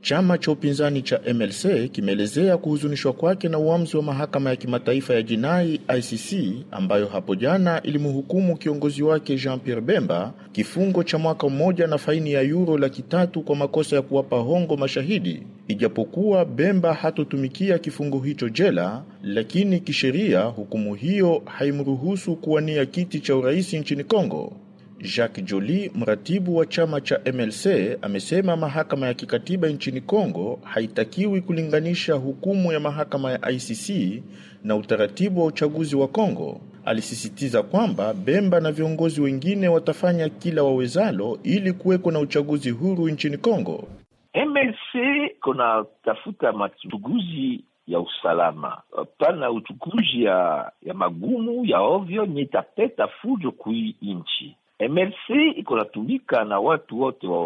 Chama cha upinzani cha MLC kimeelezea kuhuzunishwa kwake na uamuzi wa mahakama ya kimataifa ya jinai ICC ambayo hapo jana ilimhukumu kiongozi wake Jean Pierre Bemba kifungo cha mwaka mmoja na faini ya yuro laki tatu kwa makosa ya kuwapa hongo mashahidi. Ijapokuwa Bemba hatotumikia kifungo hicho jela, lakini kisheria hukumu hiyo haimruhusu kuwania kiti cha urais nchini Kongo. Jacques Joly, mratibu wa chama cha MLC, amesema mahakama ya kikatiba nchini Kongo haitakiwi kulinganisha hukumu ya mahakama ya ICC na utaratibu wa uchaguzi wa Kongo. Alisisitiza kwamba Bemba na viongozi wengine watafanya kila wawezalo ili kuweko na uchaguzi huru nchini Kongo. MLC kuna tafuta machunguzi ya usalama pana uchukuzi ya, ya magumu ya ovyo ni fujo kui inchi MLC iko natumika na watu wote wa,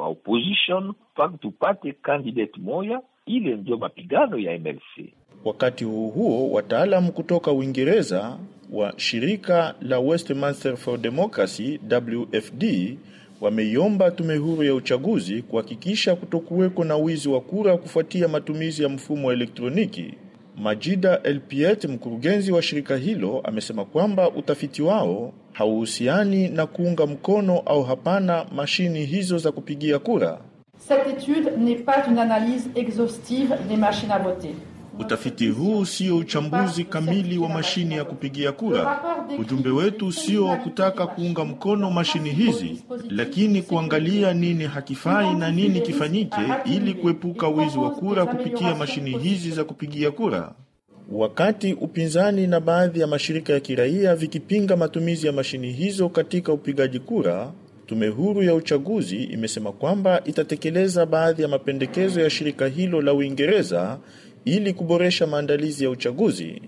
wa opposition mpaka tupate candidate moya. Ile ndio mapigano ya MLC. Wakati huo huo, wataalamu kutoka Uingereza wa shirika la Westminster for Democracy WFD wameiomba tume huru ya uchaguzi kuhakikisha kutokuweko na wizi wa kura kufuatia matumizi ya mfumo wa elektroniki. Majida Elpiet, mkurugenzi wa shirika hilo, amesema kwamba utafiti wao hauhusiani na kuunga mkono au hapana mashini hizo za kupigia kura. Cette étude n'est pas une analyse exhaustive des machines à voter. Utafiti huu sio uchambuzi kamili wa mashine ya kupigia kura. Ujumbe wetu sio wa kutaka kuunga mkono mashine hizi, lakini kuangalia nini hakifai na nini kifanyike ili kuepuka wizi wa kura kupitia mashine hizi za kupigia kura. Wakati upinzani na baadhi ya mashirika ya kiraia vikipinga matumizi ya mashine hizo katika upigaji kura, Tume Huru ya Uchaguzi imesema kwamba itatekeleza baadhi ya mapendekezo ya shirika hilo la Uingereza ili kuboresha maandalizi ya uchaguzi,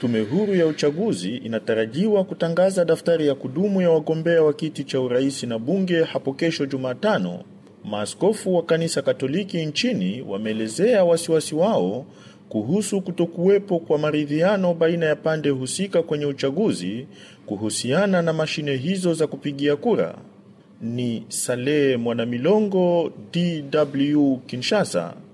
Tume Huru ya Uchaguzi inatarajiwa kutangaza daftari ya kudumu ya wagombea wa kiti cha urais na bunge hapo kesho Jumatano. Maaskofu wa kanisa Katoliki nchini wameelezea wasiwasi wao kuhusu kutokuwepo kwa maridhiano baina ya pande husika kwenye uchaguzi kuhusiana na mashine hizo za kupigia kura. Ni Saleh Mwanamilongo, DW Kinshasa.